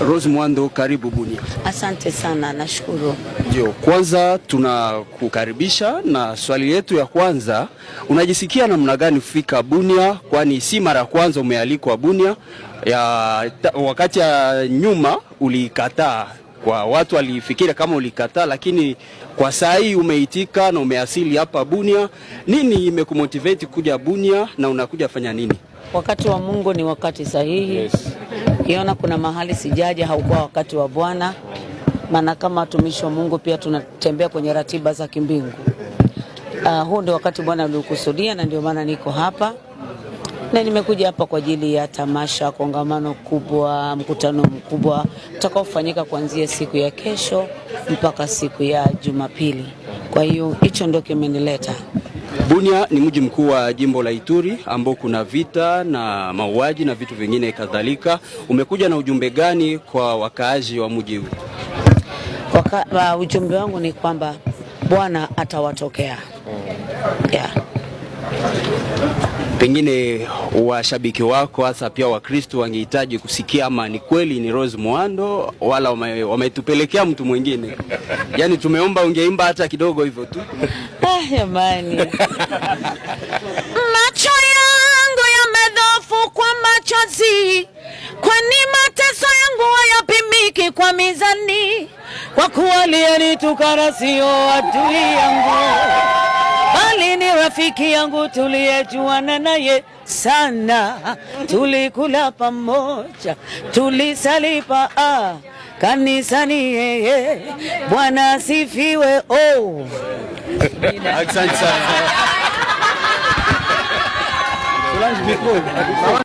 Rose Mwando, karibu Bunia. Asante sana, nashukuru. Ndio, kwanza tunakukaribisha na swali yetu ya kwanza, unajisikia namna gani kufika Bunia? Kwani si mara ya kwanza umealikwa Bunia ya, ta, wakati ya nyuma ulikataa kwa watu walifikiria kama ulikataa, lakini kwa saa hii umeitika na umeasili hapa Bunia. Nini imekumotivate kuja Bunia na unakuja fanya nini? Wakati wa Mungu ni wakati sahihi, yes kiona kuna mahali sijaja haukuwa wakati wa Bwana, maana kama watumishi wa Mungu pia tunatembea kwenye ratiba za kimbingu. Uh, huu ndio wakati Bwana alikusudia na ndio maana niko hapa na nimekuja hapa kwa ajili ya tamasha, kongamano kubwa, mkutano mkubwa utakaofanyika kuanzia siku ya kesho mpaka siku ya Jumapili. Kwa hiyo hicho ndio kimenileta. Bunia ni mji mkuu wa jimbo la Ituri ambao kuna vita na mauaji na vitu vingine kadhalika. Umekuja na ujumbe gani kwa wakaazi wa mji huu? Waka, ujumbe wangu ni kwamba Bwana atawatokea. Mm. Yeah. Pengine washabiki wako hasa pia Wakristo wangehitaji kusikia ama ni kweli ni Rose Muhando wala wametupelekea wame mtu mwingine. Yaani tumeomba ungeimba hata kidogo hivyo tu. Ah, jamani. Macho yangu yamedhofu kwa machozi. Kwani mateso yangu hayapimiki kwa mizani. Kwa kuwa aliyenituka sio oh, adui yangu rafiki yangu tuliyejuana naye sana, tulikula pamoja, tulisalipa ah, kanisani yeye. Bwana asifiwe oh.